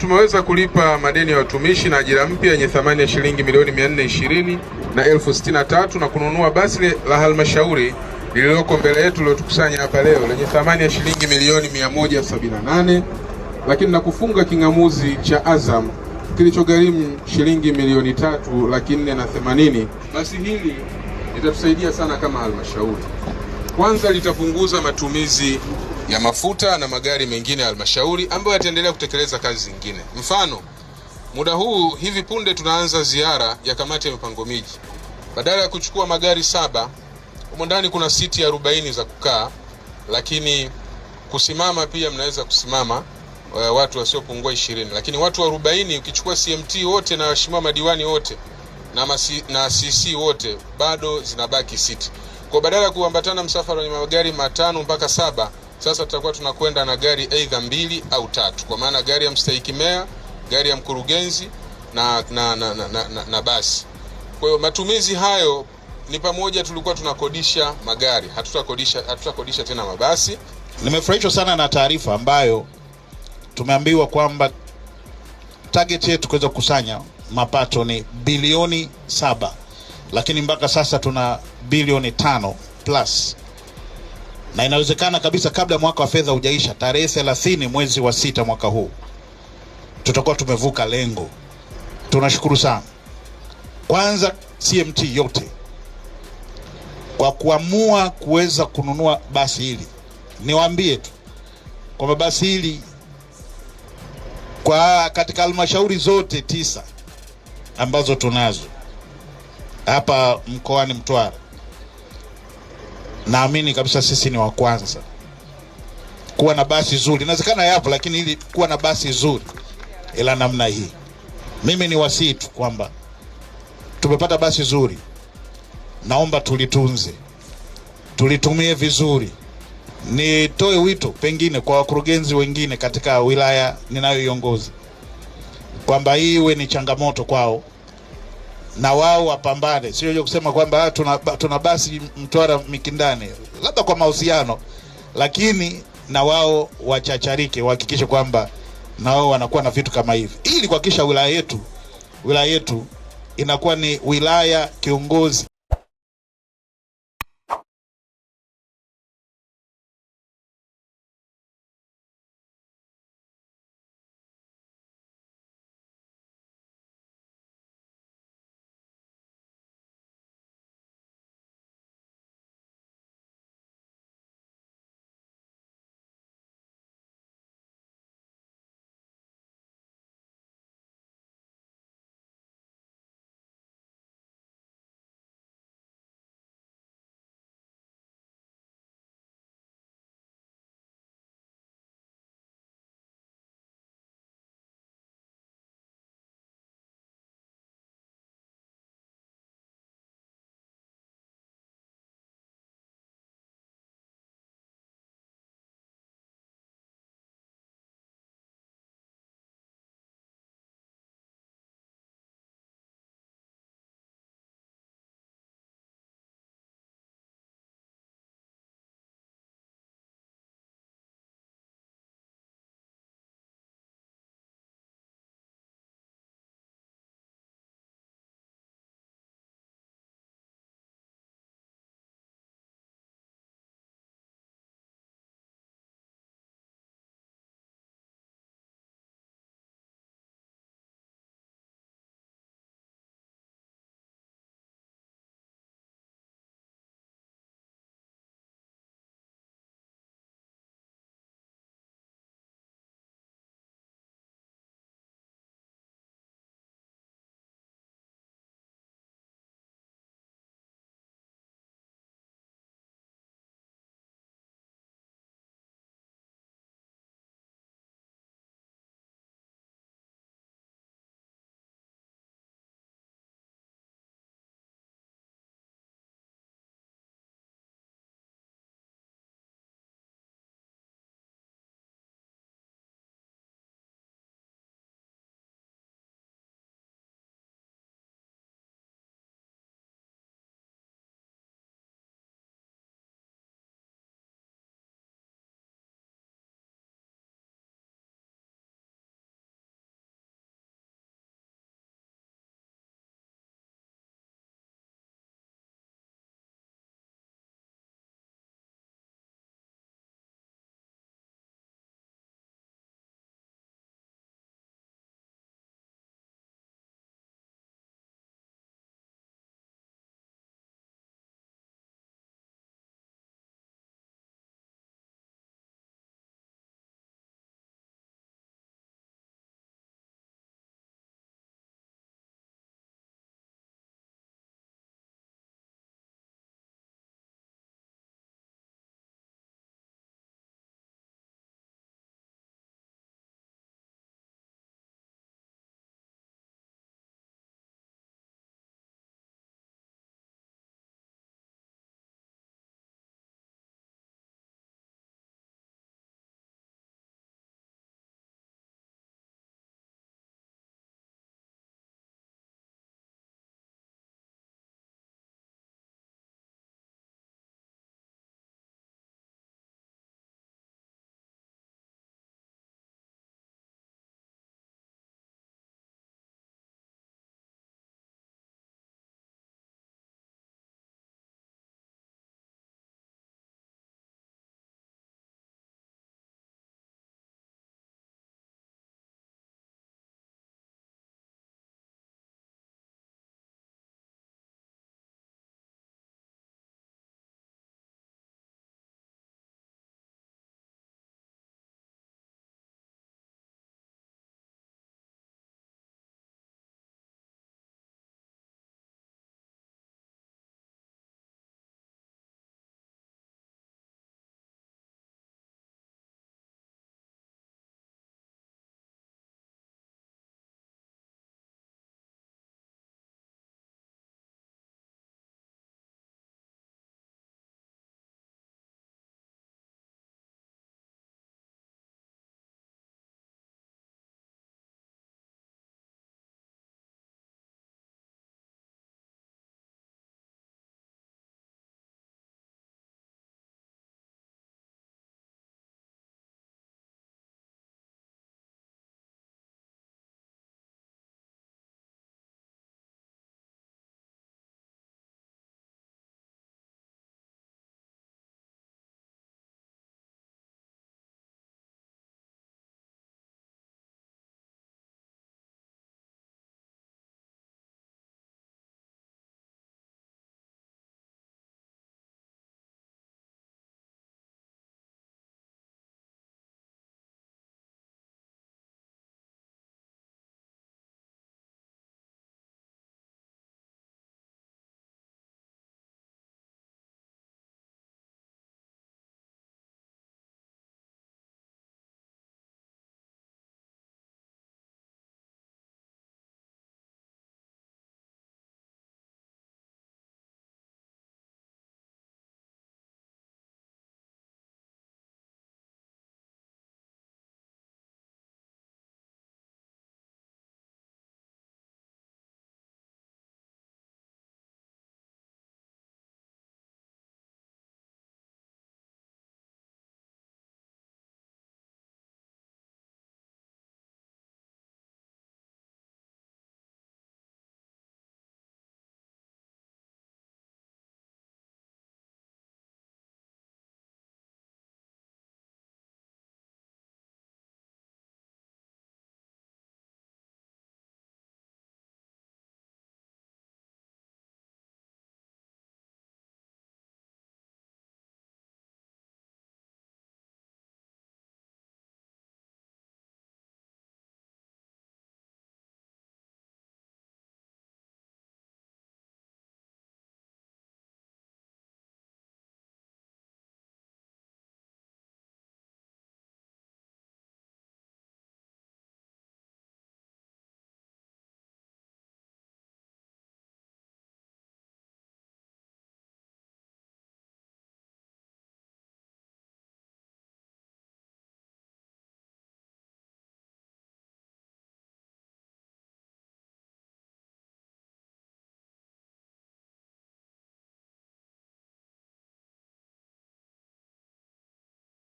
Tumeweza kulipa madeni ya watumishi na ajira mpya yenye thamani ya shilingi milioni 420 na elfu na kununua basi la halmashauri lililoko mbele yetu lilotukusanya hapa leo lenye thamani ya shilingi milioni 178, lakini na kufunga king'amuzi cha Azam kilichogharimu shilingi milioni 3 laki 4 na 80. Basi hili litatusaidia sana kama halmashauri. Kwanza litapunguza matumizi ya mafuta na magari mengine ya halmashauri ambayo yataendelea kutekeleza kazi zingine. Mfano, muda huu hivi punde tunaanza ziara ya kamati ya mipango miji. Badala ya kuchukua magari saba, humo ndani kuna siti arobaini za kukaa, lakini kusimama pia mnaweza kusimama eh, watu wasiopungua ishirini, lakini watu arobaini ukichukua CMT wote na waheshimiwa madiwani wote na masi, na CC wote bado zinabaki siti. Kwa badala ya kuambatana msafara wenye magari matano mpaka saba sasa tutakuwa tunakwenda na gari aidha mbili au tatu, kwa maana gari ya mstahiki mea gari ya mkurugenzi na, na, na, na, na, na, na basi. Kwa hiyo matumizi hayo ni pamoja, tulikuwa tunakodisha magari, hatutakodisha hatutakodisha tena mabasi. Nimefurahishwa sana na taarifa ambayo tumeambiwa kwamba target yetu kuweza kukusanya mapato ni bilioni saba, lakini mpaka sasa tuna bilioni tano plus na inawezekana kabisa kabla mwaka wa fedha hujaisha, tarehe 30 mwezi wa sita mwaka huu tutakuwa tumevuka lengo. Tunashukuru sana kwanza CMT yote kwa kuamua kuweza kununua basi hili. Niwaambie tu kwamba basi hili kwa katika halmashauri zote tisa ambazo tunazo hapa mkoani Mtwara naamini kabisa sisi ni wa kwanza kuwa na basi zuri. Inawezekana yapo, lakini ili kuwa na basi zuri ila namna hii, mimi ni wasii tu kwamba tumepata basi zuri, naomba tulitunze, tulitumie vizuri. Nitoe wito pengine kwa wakurugenzi wengine katika wilaya ninayoiongoza kwamba hii iwe ni changamoto kwao na wao wapambane, sio kusema kwamba ah, tuna, tuna basi Mtwara Mikindani, labda kwa mahusiano, lakini na wao wachacharike, wahakikishe kwamba na wao wanakuwa na vitu kama hivi, ili kuhakikisha wilaya yetu wilaya yetu inakuwa ni wilaya kiongozi.